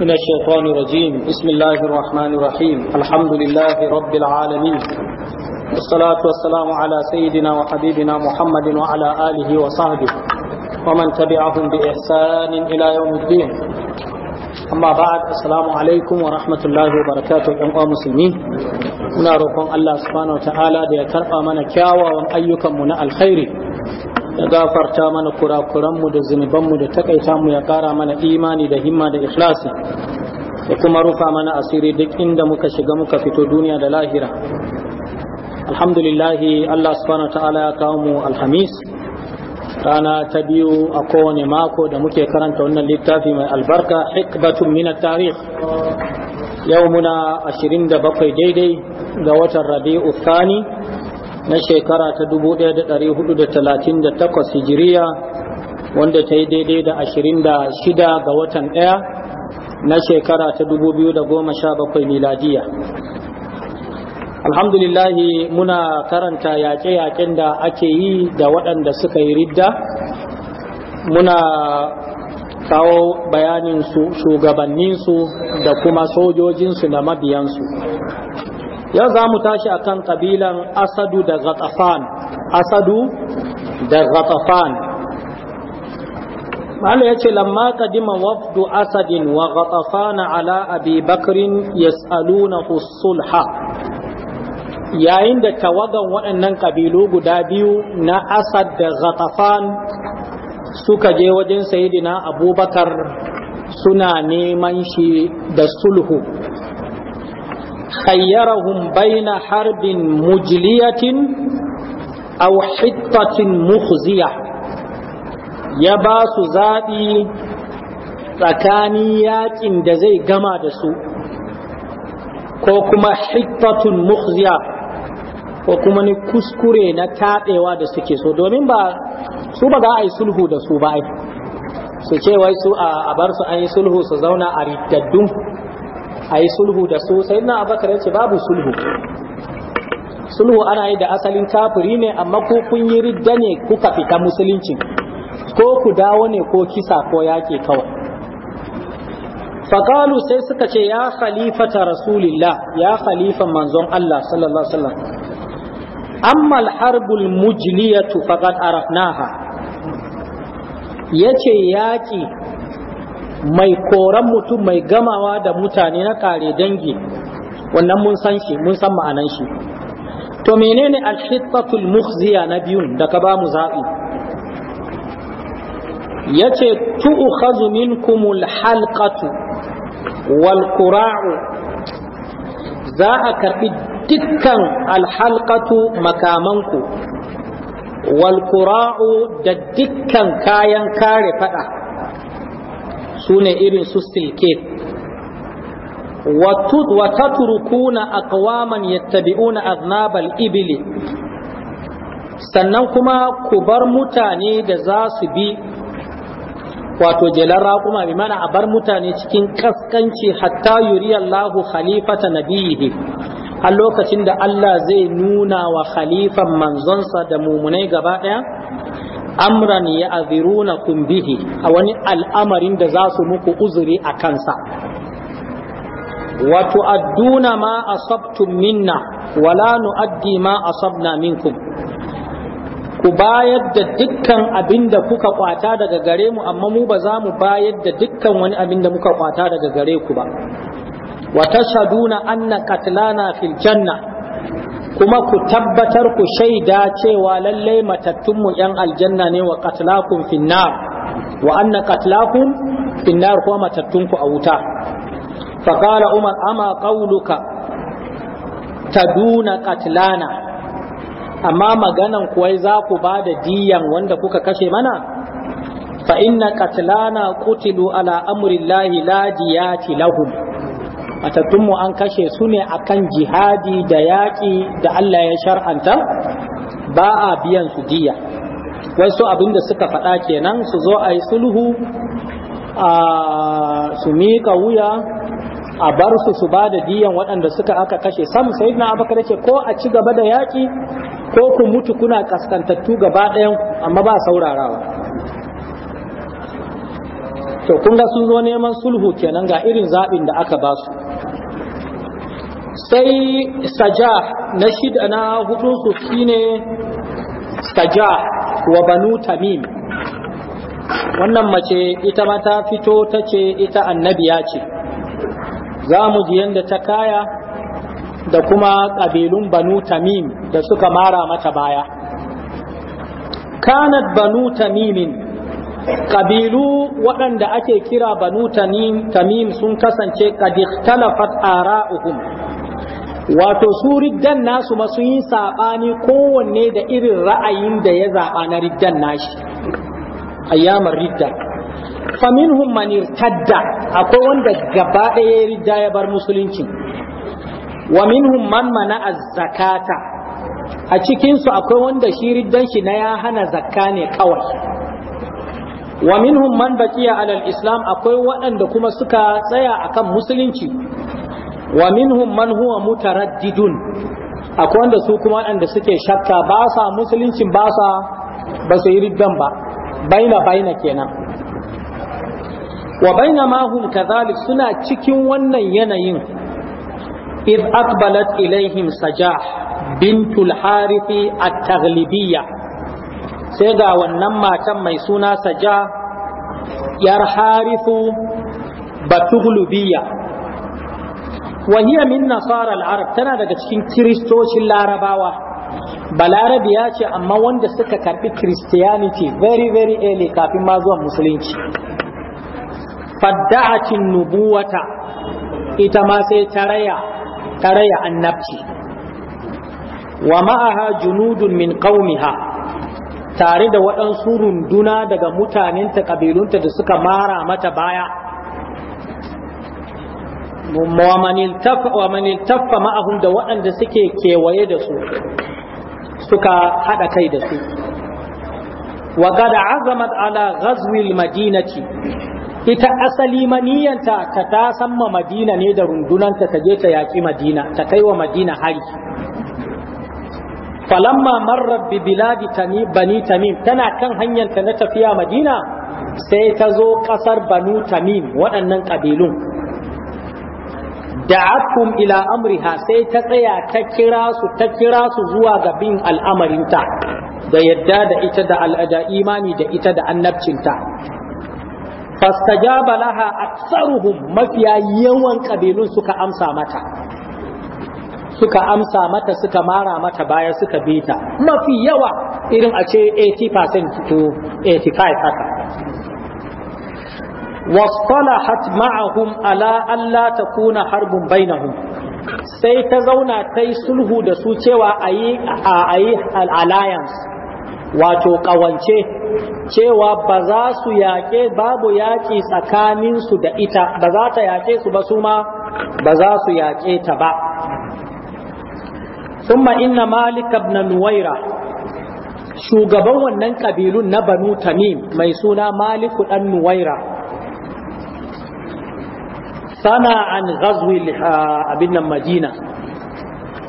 من الشيطان الرجيم بسم الله الرحمن الرحيم الحمد لله رب العالمين والصلاة والسلام على سيدنا وحبيبنا محمد وعلى آله وصحبه ومن تبعهم بإحسان إلى يوم الدين أما بعد السلام عليكم ورحمة الله وبركاته أيها المسلمين muna الله سبحانه وتعالى دي ta'ala من كاوى ومأيكم من الخير ya gafarta mana kurakuranmu da zunubanmu da takaita mu ya kara mana imani da himma da ikhlasi ya kuma rufa mana asiri duk inda muka shiga muka fito duniya da lahira alhamdulillahi Allah subhanahu ta'ala ya kawo mu alhamis rana ta biyu a kowane mako da muke karanta wannan littafi mai albarka hikbatun min tarikh yau muna 27 daidai ga watan rabi'u thani na shekara ta 1438 hijiriya wanda ta yi daidai da 26 ga watan ɗaya na shekara ta 2017 miladiya alhamdulillahi muna karanta yaƙe-yaƙen da ake yi da waɗanda suka yi ridda muna kawo bayanin shugabanninsu da kuma sojojinsu da mabiyansu yau za mu tashi a kan ƙabilan asadu da ghatafan asadu da ghatafan ma'ala ya ce lamma kadima wafdu asadin wa ghatafana ala abi bakrin yas'alunahu sulha yayin da tawagan waɗannan ƙabilu guda biyu na asad da ghatafan suka je wajen sayidina abubakar suna neman shi da sulhu khayyarahum baina harbin mujliyatin aw hittatin mukhziya ya ba su zaɓi tsakani yaƙin da zai gama da su ko kuma hittatun mukhziya ko kuma ni kuskure na taɗewa da suke so domin ba su ba za a yi sulhu da su ba su ce wai su a bar su an yi sulhu su zauna a riddaddu a yi sulhu da su sai na abakar ya ce babu sulhu sulhu ana yi da asalin kafiri ne amma ko kun yi ridda ne kuka fita musulunci ko ku dawo ne ko kisa ko yaƙi kawai faƙalu sai suka ce ya khalifata rasulillah ya khalifa manzon Allah sallallahu alaihi wasallam amma harbul mujliyatu faqad arafnaha yace yaƙi mai koran mutum mai gamawa da mutane na kare dangi wannan mun san shi mun san ma'anan shi to menene al-hittatul mukhziya na biyun da ka ba mu zabi yace tu'khazu minkumul halqatu wal qura'u za a karbi dukkan alhalqatu makamanku wal qura'u da dukkan kayan kare fada sune irin su silke wa tatrukuna aqwaman yattabi'una aznabal ibili sannan kuma ku bar mutane da za su bi wato jelar raƙuma bi mana a bar mutane cikin kaskanci hatta yuriyallahu khalifata nabiyihi a lokacin da Allah zai nuna wa khalifan manzonsa da mumunai gaba ɗaya amran ya kun bihi a wani al'amarin da za su muku uzuri a kansa wa tu'adduna ma asabtum minna wa la nu'addi ma asabna minkum ku bayar da dukkan abin da kuka kwata daga gare mu amma mu ba za mu bayar da dukkan wani abin da muka kwata daga gare ku ba wa tashaduna anna katlana fil janna kuma ku tabbatar ku shaida cewa lallai matattunmu 'yan aljanna ne wa katlakun finnar wa anna katlakun finnar kuma matattunku a wuta faƙala umar ama ƙauluka ta duna katlana amma maganan wai za ku ba da diyan wanda kuka kashe mana fa inna katlana kutilu ala amurillahi la diyati lahum matattunmu an kashe su ne a kan jihadi da yaƙi da Allah ya shar'anta ba a biyan su diya wasu abinda suka faɗa kenan su zo a yi sulhu a su miƙa wuya a bar su su ba da diyan waɗanda suka aka kashe sam sai na abakar ce ko a ci gaba da yaƙi ko ku mutu kuna kaskantattu gaba ɗayan amma ba saurarawa to kun ga sun zo neman sulhu kenan ga irin zaɓin da aka ba su sai saja na shida na hudunsu shine saja wa banu tamim wannan mace ita ma ta fito ta ce ita annabiya ce za mu ji yadda ta kaya da kuma ƙabilun banu tamim da suka mara mata baya kanat banu tamimin ƙabilu waɗanda ake kira banu tamim sun kasance ƙadiktalafat ara'uhum wato su riddan nasu ma sun yi saɓani kowanne da irin ra'ayin da ya zaɓa na riddan nashi ayyamar ridda faminhum man irtadda akwai wanda gaba ɗaya ridda ya bar musulunci wa minhum man mana zakata a cikin akwai wanda shi riddan shi na ya hana zakka ne kawai wa minhum man baqiya alal islam akwai waɗanda kuma suka tsaya akan musulunci wa minhum man huwa mutaraddidun akwai wanda su kuma waɗanda suke shakka ba sa musuluncin ba sa ba su yi riddan ba baina baina kenan wa baina ma hum kadhalik suna cikin wannan yanayin id aqbalat ilaihim sajah bintul harifi at-taghlibiyya sai ga wannan matan mai suna sajah yar harifu batuglubiyya wahiya min nasara al-arab tana daga cikin kiristocin larabawa balarabi ya ce amma wanda suka karbi christianity very very early kafin ma zuwa musulunci fadda'atin nubuwata ita ma sai taraya taraya annabci wa ma'aha junudun min qaumiha tare da waɗansu runduna daga mutanenta ƙabilunta da suka mara mata baya wa ma'ahum da waɗanda suke kewaye da su suka haɗa kai da su wa gada azamat ala ghazwil madinati ita asali maniyanta ta ta samma madina ne da rundunanta ta je ta yaƙi madina ta kai wa madina hari falamma marrar bi biladi bani tamim tana kan hanyarta na tafiya madina sai ta zo ƙasar banu tamim waɗannan ƙabilun da'akum ila amriha sai ta tsaya ta kira su ta kira su zuwa ga bin al'amarinta da yadda da ita da al'ada imani da ita da annabcinta fastajaba laha aktsaruhum mafiya yawan kabilun suka amsa mata suka amsa mata suka mara mata baya suka bita mafi yawa irin a ce 80% to 85 haka واصطلحت معهم على ألا تكون حرب بينهم sai ta zauna ta yi sulhu da su cewa a yi alliance wato ƙawance cewa ba za su yaƙe babu yaƙi tsakaninsu da ita ba za ta yaƙe su ba su ma ba za su yaƙe ta ba kuma inna malik ibn nuwaira shugaban wannan ƙabilun na banu tamim mai suna maliku ɗan nuwaira sana an ghazwi abin nan madina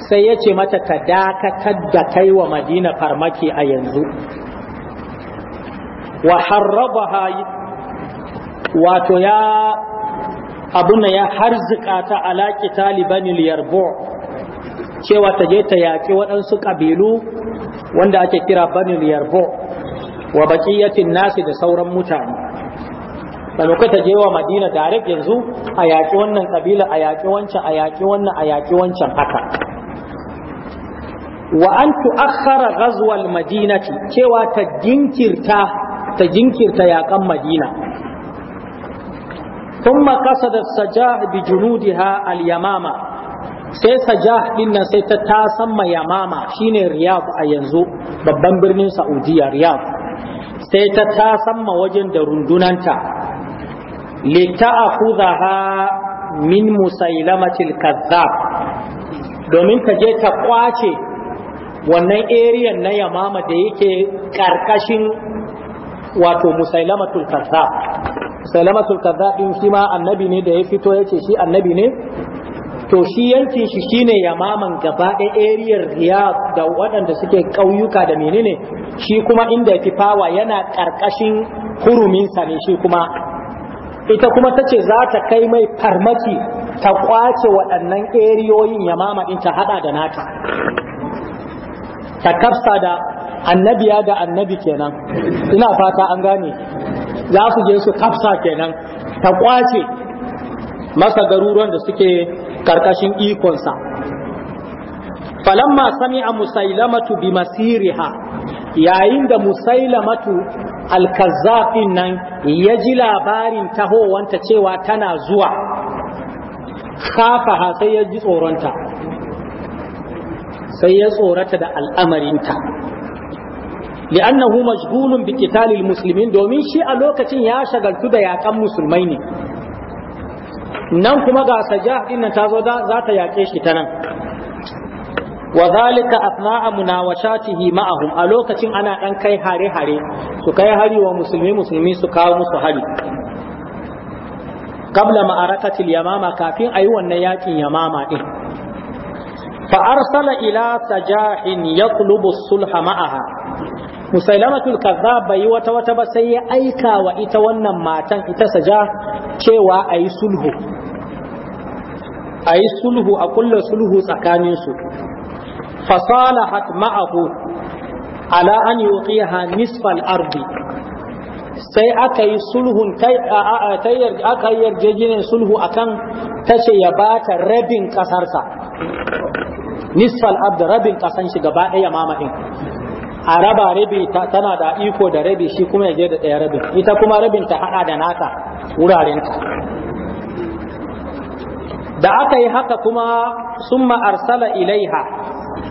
sai yace mata ta dakatar da kai wa madina farmaki a yanzu wa harrabaha wato ya abuna ya harzika ta alaƙi talibanil yarbo cewa ta je ta yaƙi waɗansu ƙabilu wanda ake kira banil yarbo wa baƙiyatin nasi da sauran mutane maimakon ta je wa madina direct yanzu a yaƙi wannan kabila a yaƙi wancan a yaƙi wannan a yaƙi wancan haka wa an tu'akhkhara ghazwal madinati cewa ta jinkirta ta jinkirta yaƙan madina thumma qasada sajah bi junudiha al yamama sai sajah din nan sai ta tasamma yamama shine riyad a yanzu babban birnin saudiya riyad sai ta ma wajen da rundunanta lita'khudhaha min musailamatil kazzab domin ka je ta kwace wannan area na yamama da yake karkashin wato musailamatul kazzab musailamatul kazzab din shi ma annabi ne da ya fito yace shi annabi ne to shi yankin shi shine yamaman gaba ɗaya area riyad da waɗanda suke ƙauyuka da menene shi kuma inda ya fi fawa yana ƙarƙashin huruminsa ne shi kuma ita kuma ta ce za ta kai mai farmaki ta kwace waɗannan eriyoyin ya mamaɗin ta haɗa da nata ta kafsa da annabiya da annabi kenan ina fata an gane za su je su kafsa kenan ta kwace masa garuruwan da suke karkashin ikonsa falamma sami'a musailamatu bi masiriha yayin da musailamatu alkazzafin nan ya ji labarin tahowanta cewa tana zuwa kafaha sai ya ji tsoronta sai ya tsorata da al'amarinta li'annahu majhulun bi qitalil muslimin domin shi a lokacin ya shagaltu da yakan musulmai ne nan kuma ga sajah din nan zo za ta yake shi ta nan wa zalika asna'a munawashatihi ma'ahum a lokacin ana dan kai hare-hare su kai hari wa musulmi musulmi su kawo musu hari qabla ma'arakatil yamama kafin ayi wannan yakin yamama din fa arsala ila sajahin yaqlubu sulha ma'aha musailamatul kazzab bai wata wata ba sai ya aika wa ita wannan matan ita saja cewa ayi sulhu ayi sulhu a kulle sulhu tsakaninsu فصالحت معه ala أن يوقيها nisfal الأرض sai aka yi sulhun aka yi yarjejeniyar sulhu akan tace ya bata rabin ƙasarsa. nisfal abd rabin kasan shi gaba ɗaya a raba rabi tana da iko da rabi shi kuma ya je da ɗaya rabin ita kuma rabin ta haɗa da naka wurarenta da aka yi haka kuma summa arsala ilaiha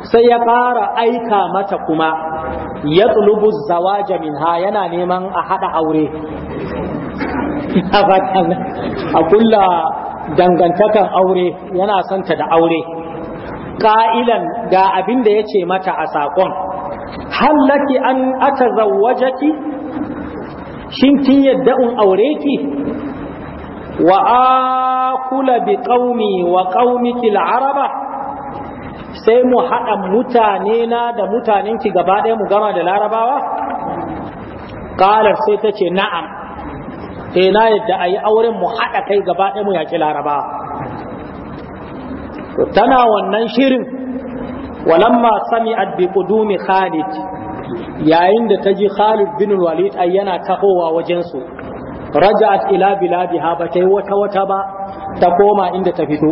sai ya ƙara aika mata kuma ya tsulubu zawaja minha yana neman a haɗa aure a kulla dangantakan aure yana santa da aure ƙa'ilan ga abin da ya ce mata a saƙon hallaki an aka zawajaki shin kin yadda un aure ki wa kula bi ƙauni wa qaumiki araba sai mu haɗa mutane na da mutanenki gaba ɗaya mu gama da larabawa ƙalar sai ta ce na'am e na yadda a yi auren mu haɗa kai gaba ɗaya mu yaƙi larabawa tana wannan shirin walamma sami'at bi qudumi khalid yayin da ta ji khalid bin walid ayyana tahowa wajen su. raja'at ila biladiha ba ta yi wata wata ba ta koma inda ta fito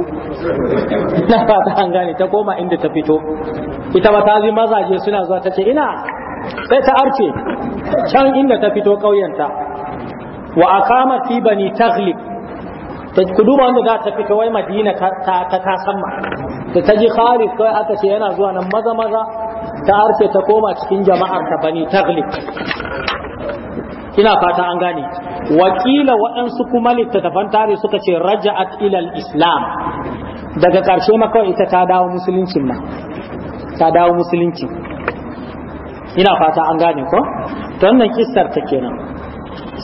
na fata an gane ta koma inda ta fito ita ba ta mazaje suna zuwa ta ce ina sai ta arce can inda ta fito ƙauyenta wa aqama fi bani taghlib ta kuduba wanda za ta fito wai madina ta ta ta samma da ta ji kharif kai aka ce yana zuwa nan maza maza ta arce ta koma cikin jama'ar ta bani taghlib ina fata an gane wakila waɗansu kuma littattafan tare suka ce raja'at ilal islam daga ƙarshe ma kawai ita ta dawo musuluncin ma ta dawo musulunci ina fata an gane ko to wannan kissar ta kenan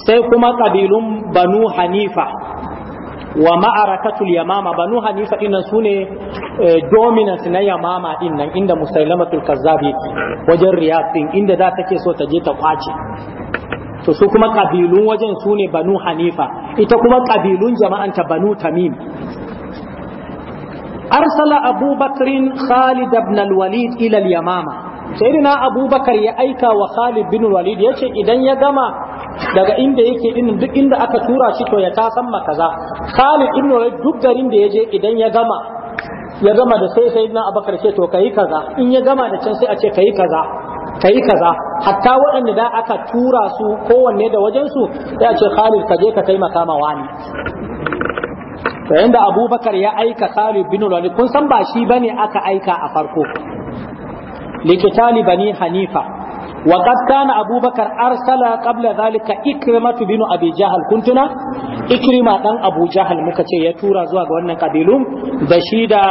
sai kuma ƙabilun banu hanifa wa ma'arakatul yamama banu hanifa dinnan ne eh, dominance na yamama dinnan inda musailamatul kazzab yake wajen riyad din inda za take so ta je ta kwace to su kuma kabilun wajen su ne banu hanifa ita kuma kabilun jama'anta banu tamim arsala abubakarin khalid ibn al-walid ila al-yamama sayyidina abubakar ya aika wa khalid bin walid yace idan ya gama daga inda yake din duk inda aka tura shi to ya ta tasan makaza khalid ibn walid duk garin da yaje idan ya gama ya gama da sai sayyidina abubakar ce to kai kaza in ya gama da can sai a ce kai kaza Ka yi kaza hatta waɗanda da aka tura su kowanne da wajensu ya ce khalid ka je ka taimaka ma wani to Inda abubakar ya aika khalid bin walid kun san ba shi bane aka aika a farko likitali bani hanifa wa qad kana abubakar arsala qabla zalika ikrimatu bin abi jahal kuntuna ikrima dan abu jahal muka ce ya tura zuwa ga wannan kabilun da shi da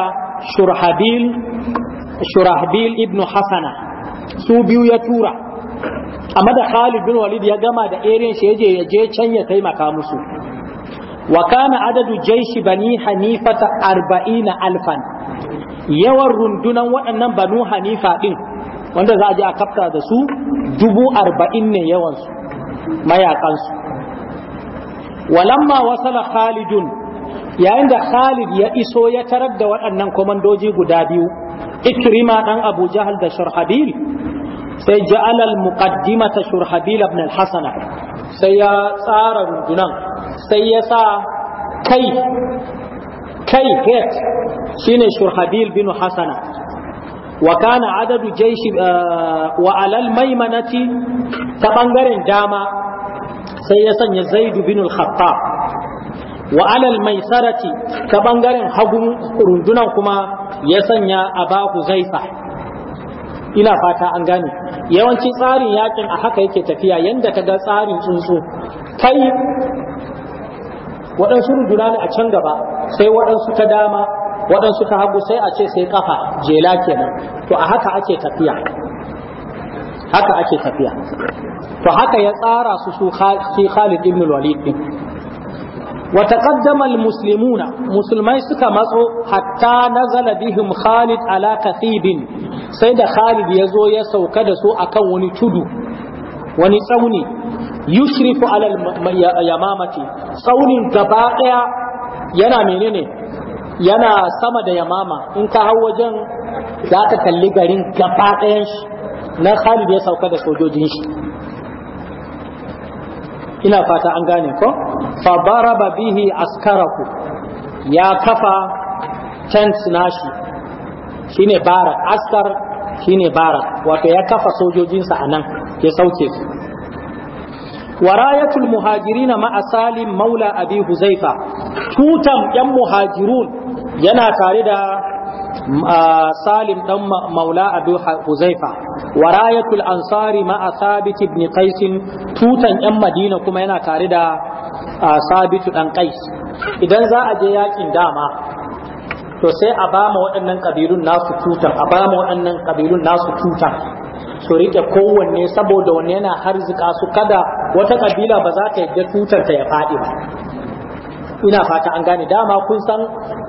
shurhabil shurahbil ibnu hasana su biyu ya tura amma da Khalid bin Walid ya gama da irin shi yaje ya je can ya taimaka musu wa kana adadu jaishi bani hanifata arba'ina alfan yawan rundunan waɗannan banu hanifa ɗin wanda za a je a kafta da su dubu arba'in ne yawansu mayakansu walamma wasala khalidun yayin da Khalid ya iso ya tarar da waɗannan komandoji guda biyu ikrima dan Abu Jahal da Shurhabil sai ja'ala al-muqaddimata Shurhabil ibn al sai ya tsara rundunan sai ya sa kai kai head shine Shurhabil bin Hasana wa kana adadu jaishi uh, wa alal maimanati ta bangaren dama sai ya sanya Zaid bin al-Khattab wa alal mai sarati ta bangaren hagun rundunan kuma ya sanya a baku zaifa ina fata an gane yawanci tsarin yakin a haka yake tafiya yadda ka ga tsarin tsuntsu kai waɗansu runduna ne a can gaba sai waɗansu ta dama waɗansu ta hagu sai a ce sai kafa jela kenan to a haka ake tafiya haka ake tafiya to haka ya tsara su su Khalid ibn Walid din wa taqaddama almuslimuna musulmai suka matso hatta nazala bihim Khalid ala Katibin, sai da Khalid ya zo ya sauka da su akan wani tudu wani tsauni yushrifu ala yamamati tsaunin gaba yana menene yana sama da yamama in ka hau wajen za ka kalli garin gaba na Khalid ya sauka da sojojin shi ina fata an gane ko fa baraba bihi askaraku ya kafa tents nashi shine barak askar shine barak wato ya kafa sojojinsa anan ya sauke su warayatul muhajirina ma'a salim maula abi huzaifa tutan yan muhajirun yana tare da salim دم maula abu huzaifa wa rayatul ansari ثابت بن قيس qais tutan yan madina kuma yana tare da sabitu dan qais idan za a je yakin dama to sai a ba ma waɗannan kabilun nasu tutan a ba ma waɗannan kabilun nasu tutan su riƙe kowanne saboda wanne yana harzika su kada wata ƙabila ba za ta yadda tutar ta ya faɗi ba ina fata an gane dama kun san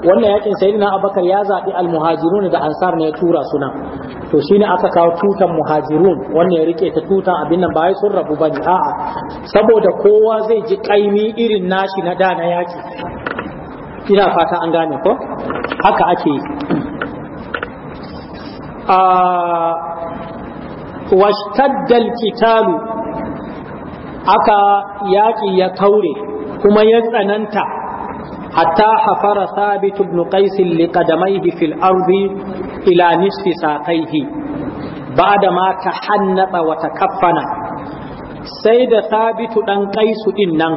wannan yakin sayyidina abakar ya zaɓi almuhajirun da ansar ne ya tura suna, to to shine aka kawo tutan muhajirun wannan ya rike ta tutan abin nan ba ya sun rabu ba ne? a'a saboda kowa zai ji kaimi irin nashi na da yaki ina fata an gane ko haka ake a washtaddal kitalu aka yaki ya kaure kuma ya tsananta hatta hafara thabit ibn qais li qadamayhi fil ardi ila nisfi saqaihi ba'da ma tahannaba wa sai da Sabitu ɗan qaisu din nan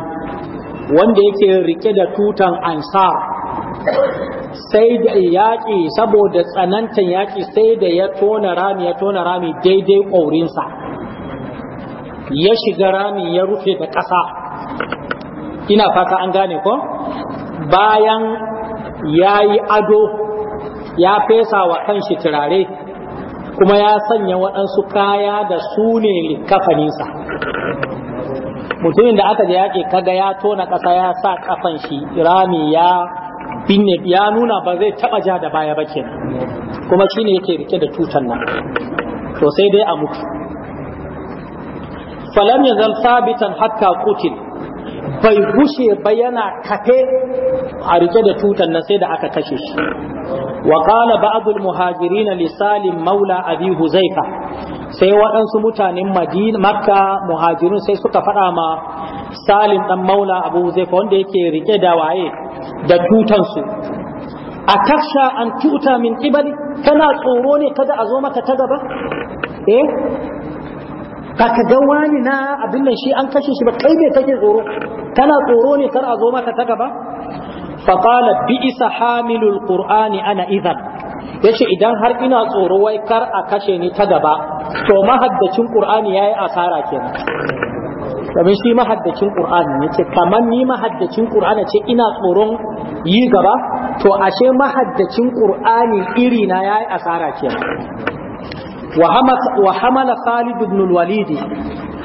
wanda yake riƙe da tutan ansar sai da yaƙi saboda tsanantan yaƙi sai da ya tona rami ya tona rami daidai ƙaurinsa ya shiga rami ya rufe da ƙasa ina fata an gane ko bayan ya yi ado ya fesa wa kanshi turare kuma ya sanya waɗansu kaya da su ne kafaninsa mutumin da aka da yaƙi kaga ya tona ƙasa ya sa kafan shi rami ya binne ya nuna ba zai taɓa ja da baya ba kenan kuma ne yake rike da tutan nan to sai dai a mutu falam zan sabitan hatta kutin bai gushe ba yana kafe a rike da tutan nan sai da aka kashe shi wa qala ba'd al muhajirin li salim maula abi huzaifa sai waɗansu mutanen madina makka muhajirun sai suka faɗa ma salim dan maula abu huzaifa wanda yake rike da waye da tutan su akasha an tuta min qibali kana tsoro ne kada a zo maka ta gaba eh ka ka wani na abin nan shi an kashe shi ba kai ne kake tsoro kana tsoro ne kar a zo maka ta gaba faƙala bi isa hamilul ƙur'ani ana izan ya ce idan har ina tsoro wai kar a kashe ni ta gaba to mahaddacin ƙur'ani ya yi asara kenan domin shi mahaddacin ƙur'ani ne ce kamar ni mahaddacin ƙur'ani ce ina tsoron yi gaba to ashe mahaddacin ƙur'ani iri na ya yi asara kenan wa hamala khalid ibn Walidi,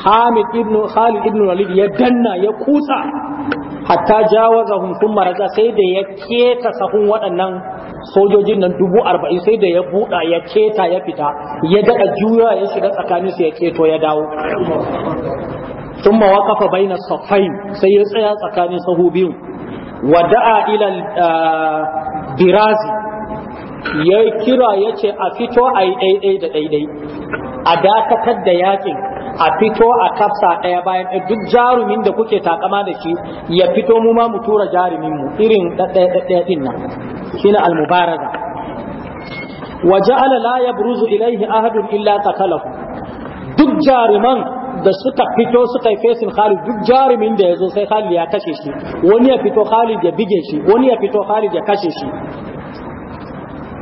hamid ibn khalid ibn walid ya danna ya kusa hatta jawazahum thumma raja sai da ya keta sahun waɗannan sojojin nan dubu arba'in sai da ya buɗa ya keta ya fita ya daɗa juya ya shiga tsakanin su ya keto ya dawo thumma waqafa baina saffain sai ya tsaya tsakanin sahu biyu wada'a ila ah, birazi ya kira yace, a fito a yi ɗaiɗai da ɗaiɗai a dakatar da yakin a fito a kafsa ɗaya bayan duk jarumin da kuke takama da shi ya fito mu ma mu tura jarumin mu irin ɗaya ɗin nan shine almubaraza wa ja'ala la yabruzu ilayhi ahadun illa qatalahu duk jaruman da suka fito suka yi fesin Khalid duk jarumin da ya zo sai Khalid ya kashe shi wani ya fito Khalid ya bige shi wani ya fito Khalid ya kashe shi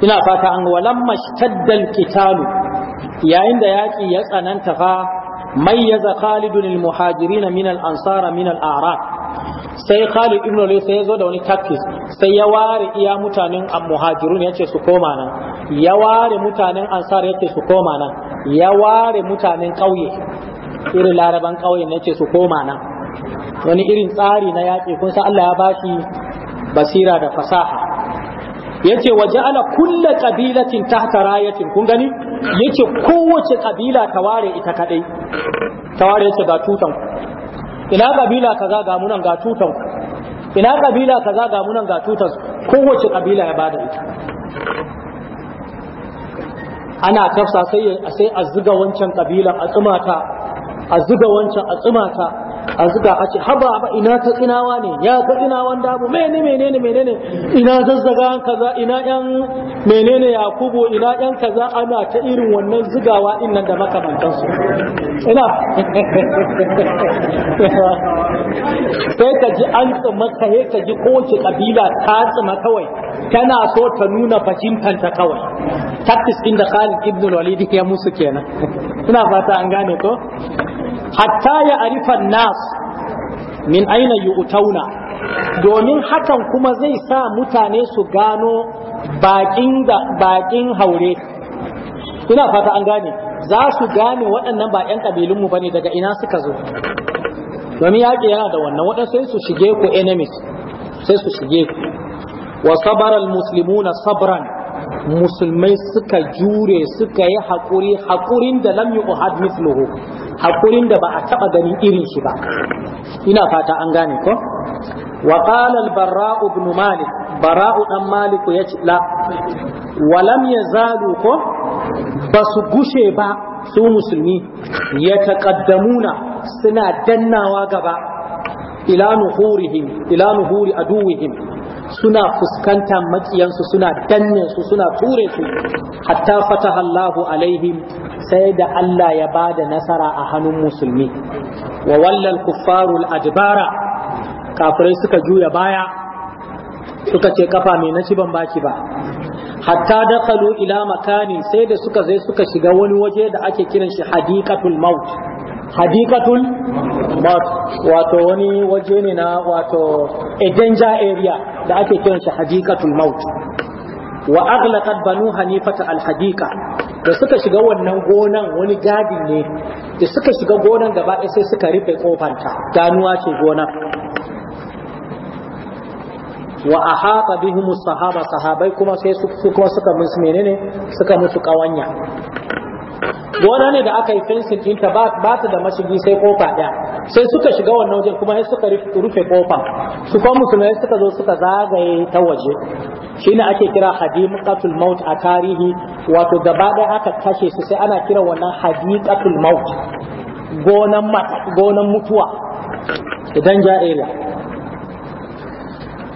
ina fata an walamma shtaddal qitalu yayin da yaki ya tsananta fa mai khalidun al-muhajirin min ansara minal arab sai Khalid ibn Walid sai ya zo da wani takis, sai ya ware iya mutanen muhajirun yace su koma nan ya ware mutanen ansar yace su koma nan ya ware mutanen kauye irin laraban kauye yace su koma nan wani irin tsari na yaƙi kun san Allah ya bashi basira da fasaha yace waje ala kulla qabilatin tahta rayatin kun gani yace kowace kabila ta ware ita kadai ta ware yace ga tutan ina kabila kaza ga munan ga tutan ina kabila kaza ga munan ga tutan kowace kabila ya bada ita ana tafsa sai sai a zuga wancan kabilan a tsumata a zuga wancan a tsumata a zuga a ce haba ba ina ta tsinawa ne ya ta tsinawan damu mene menene menene ina zazzaga kaza ina yan menene yakubu ina yan kaza ana ta irin wannan zugawa din nan da makamantan su ina sai ka ji an tsima ka he ka ji kowace kabila ta tsima kawai tana so ta nuna fajintanta kawai taktis din da Khalid ibn Walid ya musu kenan ina fata an gane ko hatta ya arifan nas min aina yi yu'tauna domin hakan kuma zai sa mutane su gano bakin haure ina fata an gane za su gane waɗannan ba yan kabilun mu ne daga ina suka zo domin yaƙi yana da wannan waɗansu sai su shige ku enemies sai su shige ku wa sabara almuslimuna sabran musulmai suka jure suka yi haƙuri haƙurin da lam yu'had mithluhu haƙurin da ba a taɓa ganin irin shi ba ina fata an gane ko wa qala al barra'u ibn malik bara'u dan malik yace la wa lam yazalu ko basu gushe ba su musulmi ya taqaddamuna suna dannawa gaba ila nuhurihim ila nuhuri aduwihim suna fuskantar matsiyansu suna danne su suna ture su hatta fataha Allahu alaihim sai da Allah ya bada nasara a hannun musulmi wa wallal kuffarul adbara kafirai suka juya baya suka ce kafa mai naci ban baki ba hatta dakalu ila makanin sai da suka zai suka shiga wani waje da ake kiran shi hadikatul maut hadikatul maut wato wani waje ne na wato a danger area da ake kiran shi hadiqatul maut wa aghlaqat banu hanifata al hadiqa da suka shiga wannan gonan wani gadi ne da suka shiga gonan gaba ɗaya sai suka rufe kofanta ganuwa ce gona wa ahata bihim sahaba sahabai kuma sai su kuma suka musu menene suka musu kawanya gona ne da aka yi fensin ɗinta ba ta da mashigi sai kofa ɗaya sai suka shiga wannan wajen kuma suka rufe kofa su kuma musulmai suka zo suka zagaye ta waje shine ake kira hadiqatul maut a tarihi wato gaba ɗaya aka kashe su sai ana kira wannan hadiqatul maut gonan gonan mutuwa idan ja area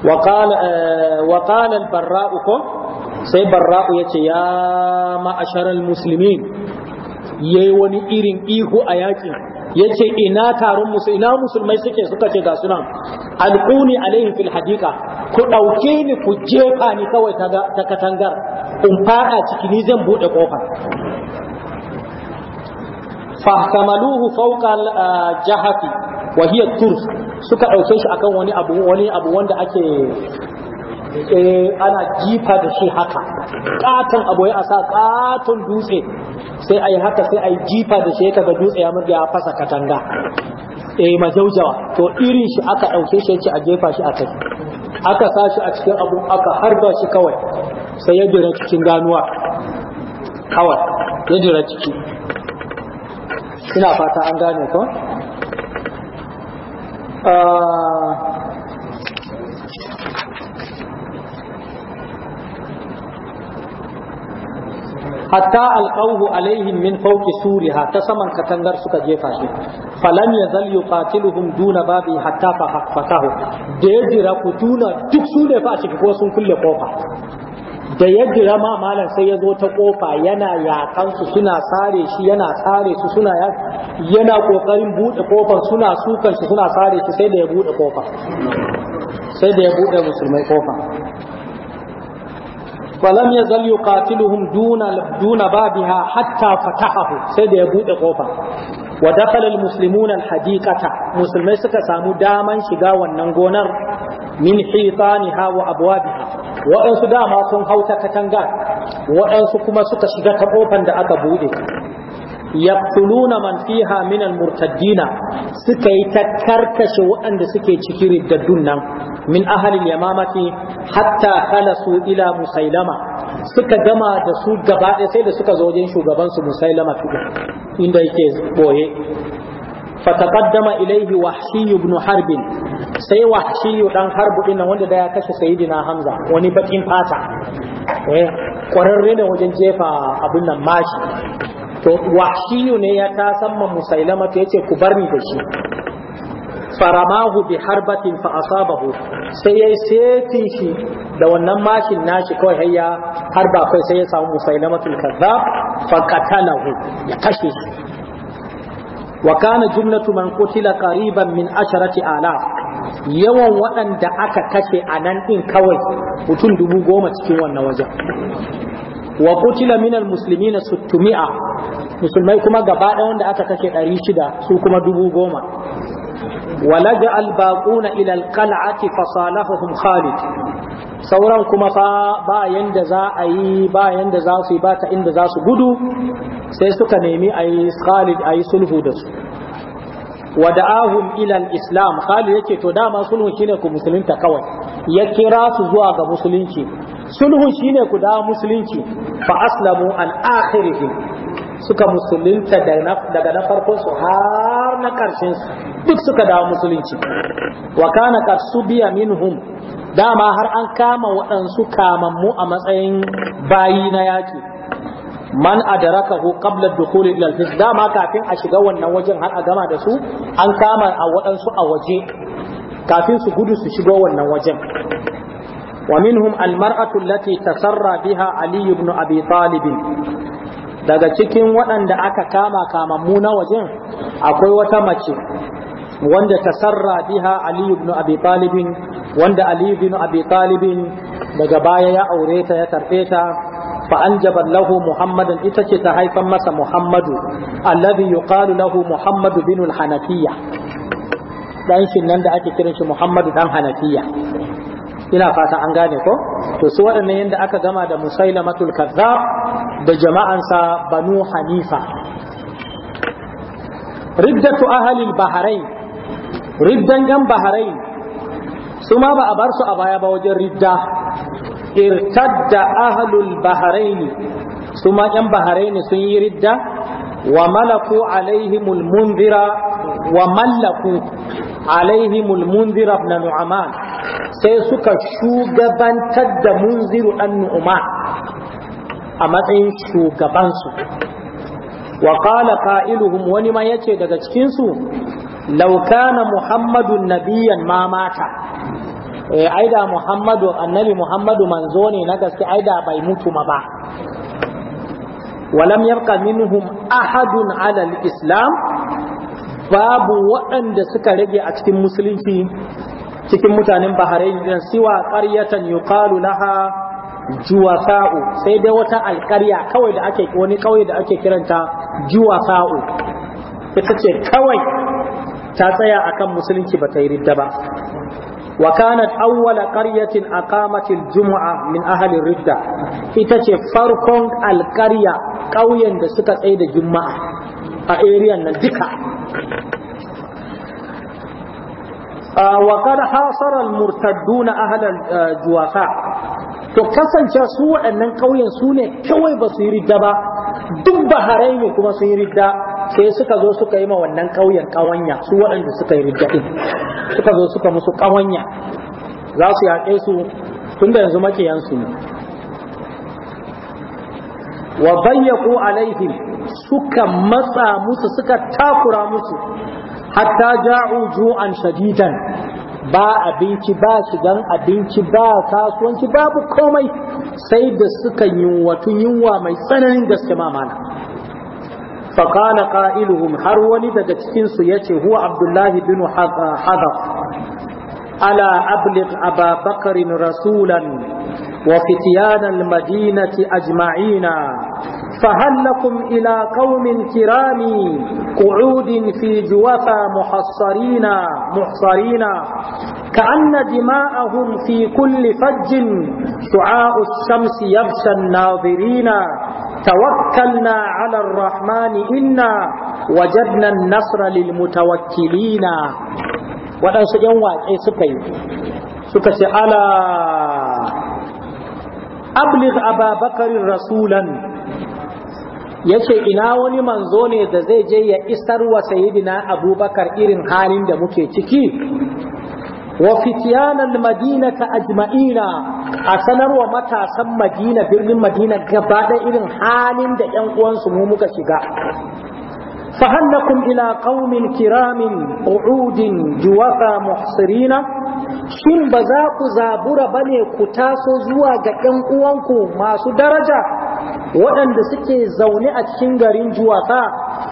وقال آه eh, ko sai barra'u ya ce ya ma'asharar musulmin ya yi wani irin ihu a yaƙi ya ce ina taron musu ina musulmai suke suka ce ga sunan alƙuni alaihim fil hadika ku ɗauke ni ku jefa ni kawai ta katangar in faɗa ciki ni zan buɗe ƙofar fahkamaluhu fawqa ah, jahafi wa hiya suka ɗauke shi akan wani abu wani abu wanda ake eh, ana jifa da shi haka katon abu ya asa katon dutse sai a yi haka sai a yi jifa da shi ga dutse ya murga ya fasa katanga ma eh, majaujawa to irin shi aka ɗauke shi yace a jefa shi a kai aka sa shi a cikin abu aka harba shi kawai sai ya jira cikin ganuwa kawai ya jira ciki ina fata an gane ko ah, hatta alqawhu alaihim min fawqi suriha ta saman katangar suka jefa shi falam yazal yuqatiluhum duna babi hatta fatahu da ya jira tuna duk su ne fa a ciki ko sun kulle kofa da ya jira ma malam sai ya zo ta kofa yana su suna sare shi yana sare su suna yana kokarin bude kofar suna sukan shi suna sare shi sai da ya bude kofa sai da ya bude musulmai kofa falam ya zal yuqatiluhum duna duna babiha hatta fatahahu sai da ya bude kofa wa dakhala almuslimuna alhadiqata musulmai suka samu daman shiga wannan gonar min hitaniha wa abwabiha waɗansu dama sun hauta katanga waɗansu kuma suka shiga ta kofan da aka buɗe. yaqtuluna man fiha min almurtaddina suka yi ta karkashe waɗanda suke ciki riddadun nan min ahalin yamamati hatta khalasu ila musailama suka gama da su gaba sai da suka zo wajen shugabansu musailama inda yake boye فتقدم إليه وحشي ibn harb sai wahshiyu dan harbu dinnan wanda da ya kashe sayyidina hamza wani bakin fata eh kwararre ne wajen jefa abin nan mashi to wahshiyu ne ya ta samma musailama ta yace ku bar ni da shi faramahu bi harbatin fa asabahu sai yayi setin shi da wannan mashin nashi kawai har ya harba kai sai ya samu musailamatul kazzab fa qatalahu ya kashe shi wa kana jumlatu man qutila qariban min asharati alaf yawan waɗanda aka kashe a nan ɗin kawai mutum dubu goma cikin wannan wajen wa qutila minal muslimina suttumi'a musulmai kuma gaba ɗaya wanda aka kashe ɗari shida su kuma dubu goma ولجأ الباقون إلى القلعة فصالحهم خالد sauran kuma fa ba yanda za a yi ba yanda za su yi ba ta inda za su gudu sai suka nemi a yi khalid a yi sulhu da su ahun ilal islam khalid yake to dama sulhun shine ku musulunta kawai ya kira su zuwa ga musulunci sulhun shine ku da musulunci fa aslamu an akhirihim suka musulunta daga na farko su har na karshen su duk suka dawo musulunci wa kana karsu biya minhum dama har an kama waɗansu kamammu a matsayin bayi na yaki man adarakahu qabla dukhul ila al-hizb dama kafin a shiga wannan wajen har a gama da su an kama a waɗansu a waje kafin su gudu su shigo wannan wajen Wa al-mar'atu allati tasarra biha ali ibn abi talib daga cikin waɗanda aka kama kamammu na wajen akwai wata mace wanda tasarra biha Ali ibn Abi Talib wanda Ali ibn Abi Talib daga baya ya aure ta ya tarfe ta fa anjaba lahu Muhammadan ita ce ta haifan masa Muhammadu alladhi yuqalu lahu Muhammadu bin al-Hanafiyya dan shin nan da ake kiran shi Muhammadu dan Hanafiya ina fata an gane ko to su waɗannan yadda aka gama da musailamatul kazzab da jama'ansa banu hanifa riddatu ahalil baharai riddan yan baharai su ma ba a bar su a baya ba wajen ridda irtadda ahalul baharaini su ma yan baharaini sun yi ridda wa malaku alaihimul munzira wa mallaku alaihimul munzira na nu'aman sai suka shugabantar da munziru ɗan nu'uma a matsayin shugabansu wa qala qailuhum wani ma yace daga cikin su law kana muhammadun nabiyan ma mata eh aida muhammadu annabi muhammadu manzo ne na gaske aida bai mutu ma ba walam yabqa minhum ahadun alal islam babu waɗanda suka rage a cikin musulunci cikin mutanen bahrain ne siwa qaryatan yuqalu laha juwasa'u sai dai wata alƙarya kawai da ake wani kawai da ake kiranta juwasa'u ita ce kawai ta tsaya akan musulunci ba ta yi ridda ba wa kanat awwala qaryatin aqamatil al-jum'a min ahli ridda ita ce farkon alƙarya ƙauyen da suka tsaye da juma'a a area nan duka wa kad hasara al-murtadduna ahlan to kasance su waɗannan ƙauyen su ne kawai ba su yi ridda ba duk ne kuma sun yi ridda sai suka zo suka yi ma wannan ƙauyen ƙawanya su waɗanda suka yi ridda din suka zo suka musu ƙawanya za su yaƙe su tun da yanzu makiyansu ne wa bayyaku alaihim suka matsa musu suka takura musu hatta ja'u ju'an shadidan ba abinci ba shigan abinci ba kasuwanci babu komai sai da suka yunwatu yunwa mai tsananin gaske mamana faƙala ƙa'iluhum har wani daga cikinsu ya ce huwa abdullahi bin hadaf ala ablig aba bakarin rasulan wa fitiyanan madinati ajma'ina فهل لكم إلى قوم كرام قعود في جوفا محصرين محصرين كأن دماءهم في كل فج شعاع الشمس يغشى الناظرين توكلنا على الرحمن إنا وجدنا النصر للمتوكلين waɗansu ‘yan waƙe suka yi على أبلغ أبا بكر رسولا yace ina wani manzo ne da zai je ya isar wa sayyidina abubakar irin halin da muke ciki wa fitiyanan madina ta ajma'ina a wa matasan madina birnin madina gaba da irin halin da yan uwansu mu muka shiga fahannakum ila qaumin kiramin qu'udin juwafa muhsirina shin ba za ku zabura bane ku taso zuwa ga yan uwanku masu daraja waɗanda suke zaune a cikin garin juwaka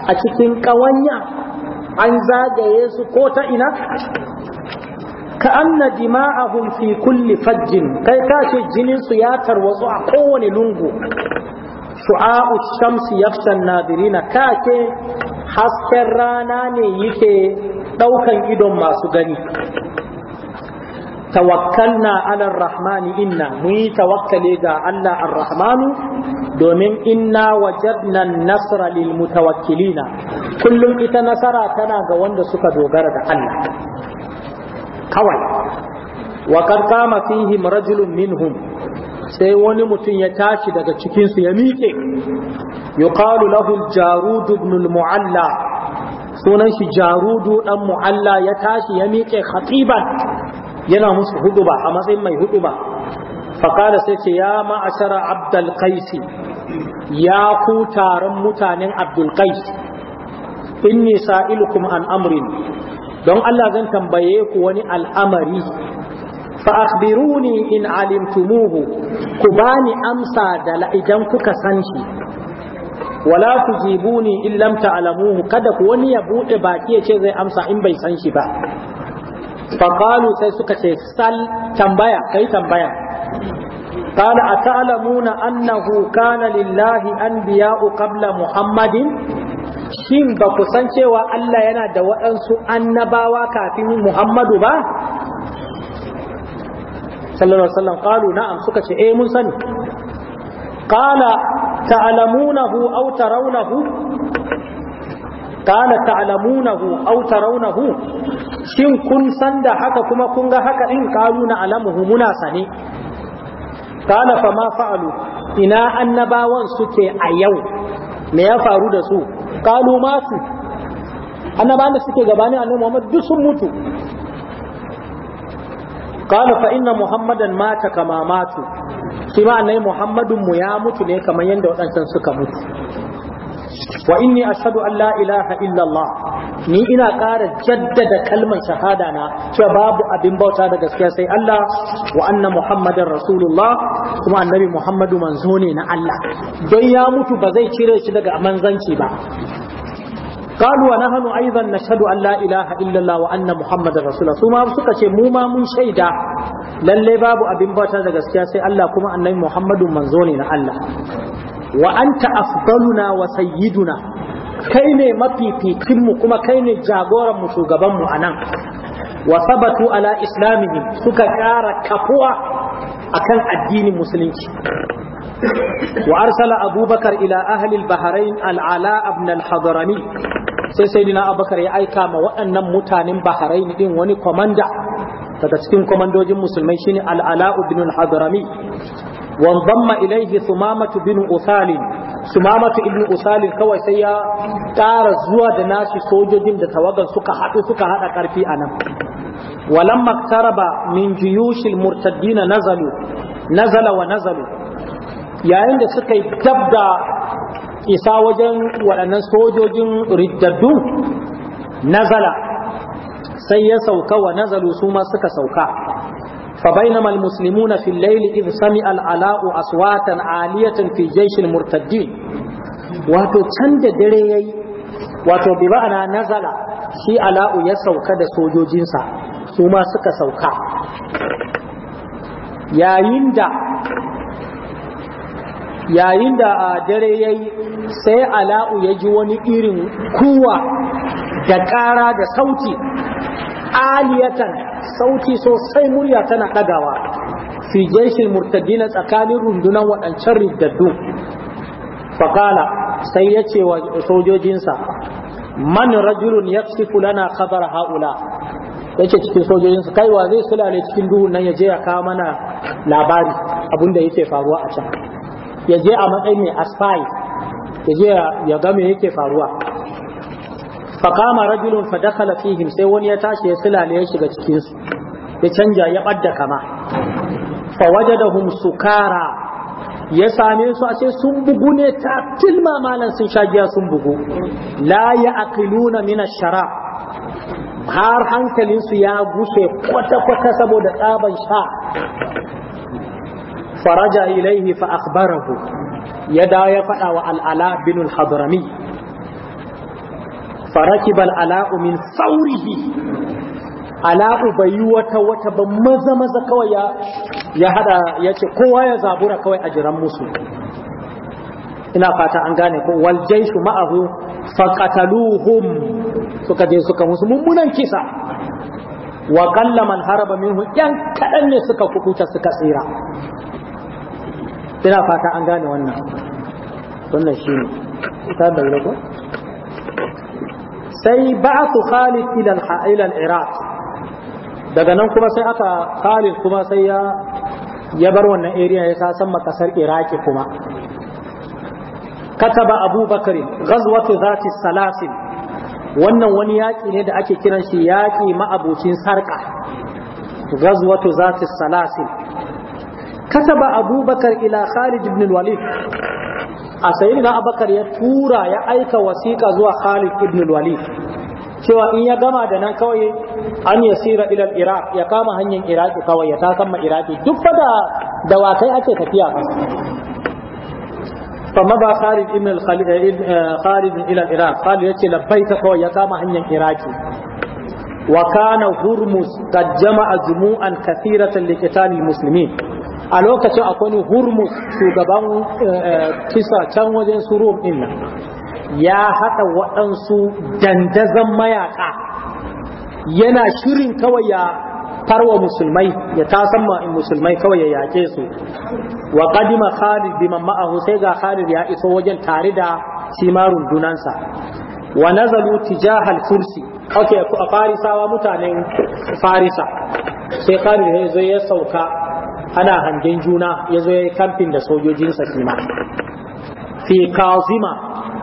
a cikin ƙawanya an zagaye su ko ta ina ka anna dima'ahum fi kulli fajjin kai ka ce jininsu ya tarwatsu a kowane lungu su'a'u shamsi yafsan nadirina ka ce hasken rana ne yake ɗaukan idon masu gani tawakkalna ala rahmani inna muyi yi tawakkale ga Allah ar-rahmanu domin inna wajadna nasra lil mutawakkilina kullum ita nasara tana ga wanda suka dogara da Allah kawai wa qad qama fihim rajulun minhum sai wani mutum ya tashi daga cikin su ya miƙe yuqalu lahu al-jarud sunan shi jarudu ɗanmu Allah ya tashi ya miƙe khatiban yana musu huduba a matsayin mai huduba faƙada sai ce ya ma'ashara abdul qaisi ya ku taron mutanen abdul In nisa ilukum an amrin don Allah zan tambaye ku wani al'amari fa akhbiruni in alimtumuhu ku bani amsa da idan kuka san shi wala ni in lam ta'lamuhu kada ku wani ya bude baki ya ce zai amsa in bai san shi ba faƙalu sai suka ce sal tambaya kai tambaya قال أتعلمون kana lillahi an biya قبل Muhammadin, shin ba ku san cewa Allah yana da waɗansu annabawa kafin Muhammadu ba? Sallallahu Alaihi wasallam ƙalu na'am suka ce, "E mun sani." Ƙala ta'alamunahu au taraunahu kana ta'lamunahu aw tarawnahu shin kun san da haka kuma kun ga haka in kalu na alamuhu muna sane kana fa ma fa'alu ina annabawan suke a yau me ya faru da su ma matu annabawan da suke gabanin annabi Muhammad duk sun mutu قال فإن محمدا mata كما ماتوا shi ma annai muhammadun mu ya mutu ne kamar yadda waɗancan suka mutu wa inni ashadu an la ilaha illallah ni ina ƙara jaddada kalmar shahada na cewa babu abin bauta da gaskiya sai Allah wa anna muhammadar rasulullah kuma annabi muhammadu manzo ne na Allah don ya mutu ba zai cire shi daga manzanci ba قالوا ونحن أيضا نشهد أن لا إله إلا الله وأن محمد رسول الله ثم shaida موما babu abin bauta da gaskiya sai Allah kuma annabi muhammadu أن ne na Allah. wa anta afdaluna wa sayyiduna kai ne mafifikin mu kuma kai ne jagoran mu shugaban mu anan wa sabatu ala islamihim suka kara kafuwa akan addinin musulunci wa arsala abubakar ila ahli al-bahrain al-ala ibn al sai sayyidina abubakar ya aika ma waɗannan mutanen bahrain din wani komanda daga cikin komandojin musulmai shine al-ala ibn al-hadrami وانضم إليه ثمامة بن أثال ثمامة بن أثال كوي سيا تار زوا دناشي سوجودين دا توغن سكا حدو سكا هذا كارفي أنا ولما اقترب من جيوش المرتدين نزلوا نزل ونزلوا yayin da suka yi dab da isa wajen waɗannan sojojin riddaddun nazala sai ya sauka wa nazalu su ma suka sauka فبينما المسلمون في الليل إذ سمع العلاء أصواتا عالية في جيش المرتدين واتو تند دريي واتو بمعنى نزل شي علاء يسوك دا سوجو جنسا ثم سك سوكا يا يندا يا يندا دريي سي علاء يجوني إيرن كوا da ƙara da sauti aliyatan sauti sosai murya tana dagawa fi jaishin murtadina tsakanin rundunan waɗancan riddaddu faƙala sai ya ce wa sojojinsa man rajulun yaksifu lana khabar haula yace cikin sojojinsa kai wa zai sulale cikin duhu nan ya je ya kawo mana labari abin da yake faruwa a can ya je a matsayin mai asfai ya je ya ga me yake faruwa faqama rajulun fa dakhala fihim sai wani ya tashi ya sulale ya shiga cikin ya canja ya ɓadda kama fa da sukara ya same su a ce sun bugu ne ta tilma malan sun sha giya sun bugu la ya aqiluna min ash har hankalin su ya gushe kwata kwata saboda tsaban sha faraja ilaihi fa akhbarahu ya da ya faɗawa wa al'ala bin al-hadrami فركب العلاء من ثوره ala'u bai yi wata wata ba maza maza kawai ya hada ya ce kowa ya zabura kawai a jiran musu ina fata an gane ko wal jaishu ma'ahu faqataluhum suka je suka musu mummunan kisa wa qalla man haraba minhu yan kaɗan ne suka kukuta suka tsira ina fata an gane wannan wannan shine ta da ko sai su Khalid ila ila Iraq daga nan kuma sai aka Khalid kuma sai ya ya bar wannan area ya sasan ƙasar Iraki kuma kataba Abubakar, Bakr ghazwatu zati salasin, wannan wani yaƙi ne da ake kiran shi yaƙi ma'abucin sarƙa ghazwatu zati salasin. kataba abubakar Bakr ila Khalid ibn al-Walid a sayi na abakar ya tura ya aika wasiƙa zuwa khalid ibn walid cewa in ya gama da nan kawai an ya sira ilal iraq ya kama hanyar iraki kawai ya tasamma Iraq. duk fa da dawakai ake tafiya ba فما Khalid Ibn ابن الخالد خالد الى العراق قال يتي لبيك kawai ya kama hanyar iraki وكان هرمز قد جمع جموعا كثيرة لقتال المسلمين a lokacin akwai ni hurmus shugaban eh, eh, kisa can wajen su rom din nan ya haɗa waɗansu dandazan mayaƙa yana shirin kawai ya farwa musulmai ya tasan ma'in musulmai kawai ya yaƙe su wa ƙadima khalid biman ma'ahu sai ga khalid ya iso wajen tare da shi ma rundunansa wa nazalu tijahal kursi okay a farisawa mutanen farisa sai khalid ya zo ya sauka ana hangen juna ya zo ya yi kamfin da sojojinsa shi ma fi kazima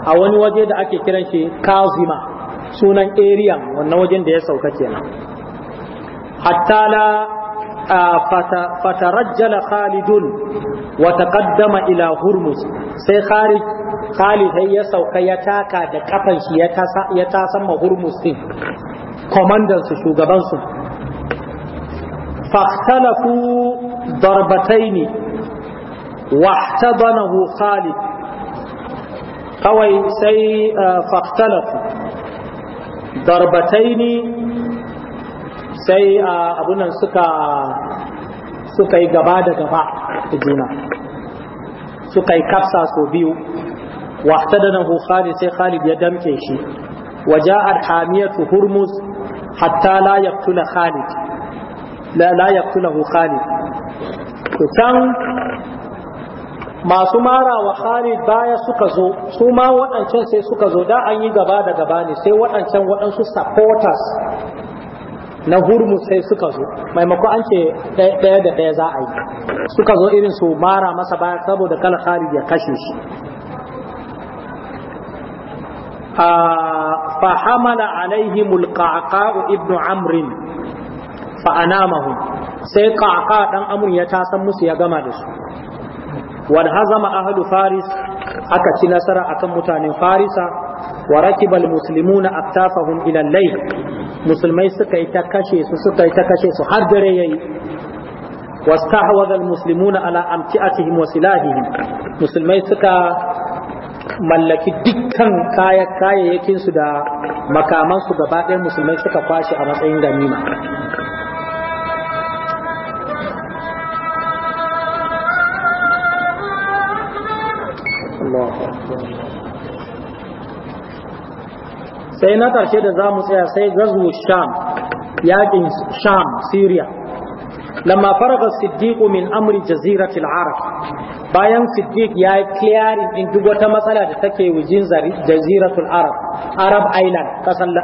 a wani waje da ake kiran shi kazima sunan area wannan wajen da ya sauka kenan hatta la fatarajjala khalidun wa taqaddama ila Hurmus sai khalid khalid ya sauka ya taka da kafan shi ya tasa ma hurmus din commander su shugaban su darbataini واحتضنه خالد قوي سي فاختلفوا ضربتين سي أبونا سكا سكا غبا دا غبا جونا سكا كبسا سو بيو واحتضنه خالد سي خالد يدمكي شي وجاءت حامية هرمز حتى لا يقتل خالد لا لا يقتله خالد kusan masu mara wa Khalid baya suka zo su ma waɗancan sai suka zo da an yi gaba da gaba ne sai waɗancan waɗansu supporters na hurmus sai suka zo maimako an ce ɗaya da ɗaya za a yi suka zo irin su mara masa baya saboda kala Khalid ya kashe shi ah, fahamala alaihimul qa'qa'u ibnu amrin fa anamahum sai qaqa dan amun ya tasan musu ya gama da su wal hazama ahlu faris aka ci nasara akan mutanen farisa wa rakibal muslimuna aktafahum ila al-layl musulmai suka yi ta kashe su suka yi ta kashe su har dare yayi واستحوذ المسلمون على أمتعتهم وسلاحهم مسلمي سكا mallaki dukkan kayayyakinsu da makamansu su gaba ɗaya musulmai suka kwashe a matsayin ganima sai na ƙarshe da za mu tsaya sai gazu sham yakin sham syria lamma faraga min amri jaziratil arab bayan siddiq ya yi clearing din duk wata matsala da take wujin jaziratul arab arab island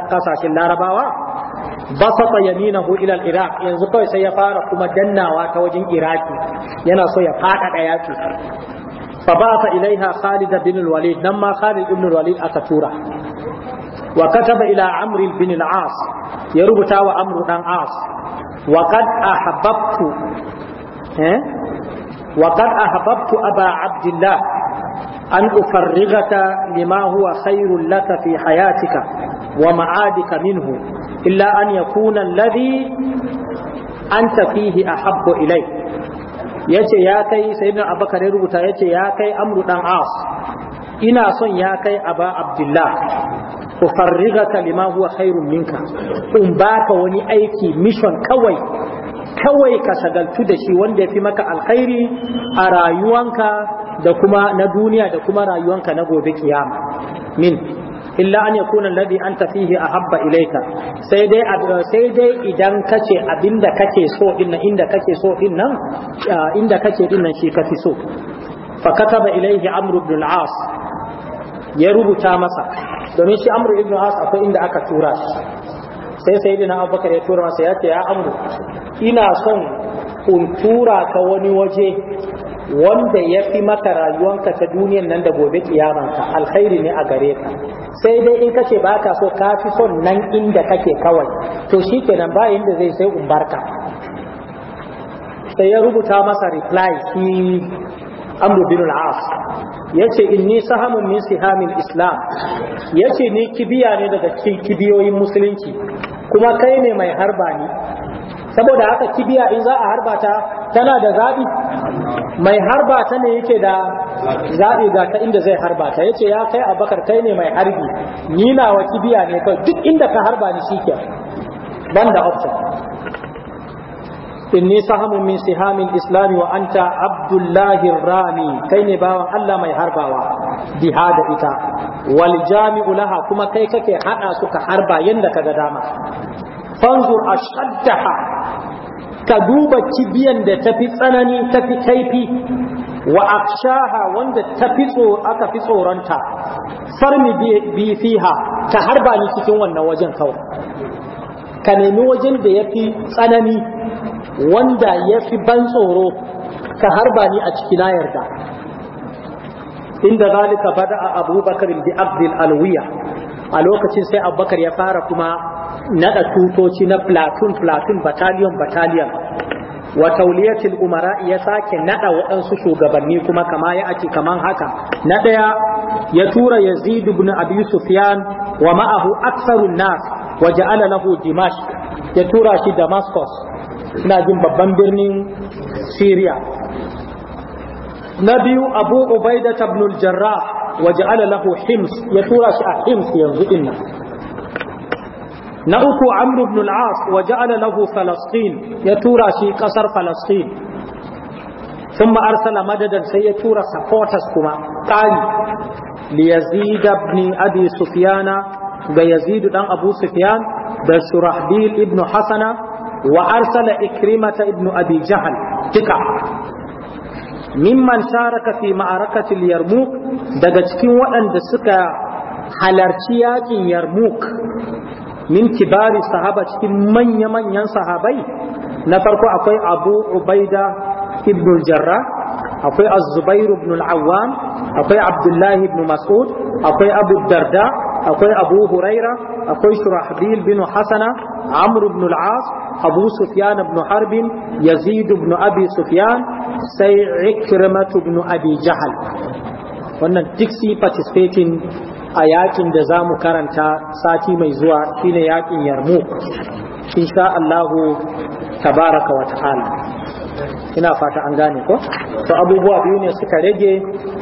kasashen larabawa basata yaminahu ila iraq yanzu kawai sai ya fara kuma dannawa ta wajen iraki yana so ya faɗaɗa yaki فبعث إليها خالد بن الوليد لما خالد بن الوليد أتتورا وكتب إلى عمرو بن العاص يربط وعمرو بن العاص وقد أحببت اه؟ وقد أحببت أبا عبد الله أن أفرغك لما هو خير لك في حياتك ومعادك منه إلا أن يكون الذي أنت فيه أحب إليه yace ya kai sayyidina abakar ya rubuta yace ya kai amru dan as ina son ya kai aba abdullah ku ufarrigaka lima huwa khairun minka in baka wani aiki mission kawai kawai ka sagaltu da shi wanda ya fi maka alkhairi a rayuwanka da kuma na duniya da kuma rayuwanka na gobe kiyama min illa an yakuna alladhi anta fihi ahabba ilayka sai dai sai dai idan kace abinda kake so din inda kake so din nan inda kake din nan shi kafi so fa kataba ilayhi amr ibn al-as ya rubuta masa domin shi amr ibn al-as akwai inda aka tura shi sai sayyidina abubakar ya tura masa ya ce ya amru ina son in tura ka wani waje wanda ya fi maka rayuwanka ta duniyan nan da gobe kiyamanka alkhairi ne a gare ka sai dai in kace ba ka so ka fi son nan inda kake kawai to shi kenan ba inda zai sai umbarka sai ya rubuta masa reply shi amru bin al-as yace inni sahamun min sihamin islam yace ni kibiya ne daga cikin kibiyoyin musulunci kuma kai ne mai harba ni saboda haka kibiya in za a harba ta tana da zaɓi mai harba ta ne yake da zaɓi ga ta inda zai harba ta yace ya kai abakar kai ne mai harbi ni wa kibiya ne kai duk inda ka harba ni shike ban da option inni sahamun min sihamin islami wa anta abdullahi rami kai ne bawan Allah mai harbawa biha da ita wal jami'u laha kuma kai kake hada suka harba yanda kaga dama fanzur ashaddaha ka duba kibiyan da tafi tsanani tafi kaifi wa akshaha wanda tafi aka fi tsoronta farmi bi fiha ta harba ni cikin wannan wajen kawai ka nemi wajen da yafi tsanani wanda ya fi ban tsoro ka harba ni a cikin yarda inda zalika bada abubakar bi abdul alwiya a lokacin sai abubakar ya fara kuma naɗa tutoci na platoon platoon battalion battalion wa tauliyatul umara ya sake naɗa waɗansu shugabanni kuma kama ya ake kaman haka na ɗaya ya tura yazid ibn abi sufyan wa ma'ahu aksarun nas wa ja'ala lahu dimash ya tura shi damascus ina jin babban birnin syria na biyu abu ubaida ibn al-jarrah wa ja'ala lahu hims ya tura shi a hims yanzu dinnan na uku amr ibn al-as wa ja'ala lahu falastin ya tura shi kasar falastin thumma arsala madadan sai ya tura supporters kuma qali li yazid ibn abi sufyana ga yazid dan abu sufyan da shurahbil ibn hasana wa arsala ikrimata ibn abi jahl tika mimman sharaka fi ma'arakatil yarmuk daga cikin waɗanda suka halarci yakin yarmuk min kibari sahaba cikin manya-manyan sahabai na farko akwai abu ubaida ibn jarra akwai az-zubair ibn al akwai Abdullahi ibn mas'ud akwai abu darda akwai abu huraira akwai shurahbil bin hasana Amru ibn al-as abu sufyan Bnu harb yazid ibn abi sufyan sai ikrimah bnu abi jahl wannan duk participating a yakin da za mu karanta sati mai zuwa shine yakin yarmu, insha Allahu tabaraka wa ta'ala ina fata an gane ko to abubuwa biyu ne suka rage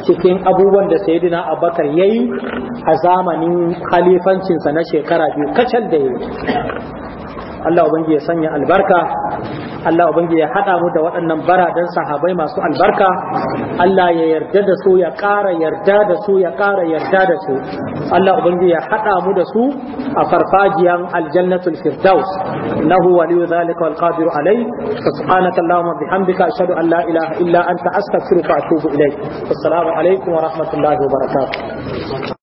cikin abubuwan da sayyidina abubakar yayi a zamanin khalifancinsa na shekara biyu kacal da yi Allah ubangiji ya sanya albarka Allah ubangiji ya hada mu da waɗannan baradan sahabai masu albarka Allah ya yarda da su ya ƙara yarda da su ya ƙara yarda da su Allah ubangiji ya hada mu da su a farfajiyan aljannatul firdaus innahu waliyyu zalika wal qadiru alai subhanaka wa bihamdika ashhadu an la ilaha illa anta astaghfiruka wa atubu ilaik assalamu alaikum wa rahmatullahi wa barakatuh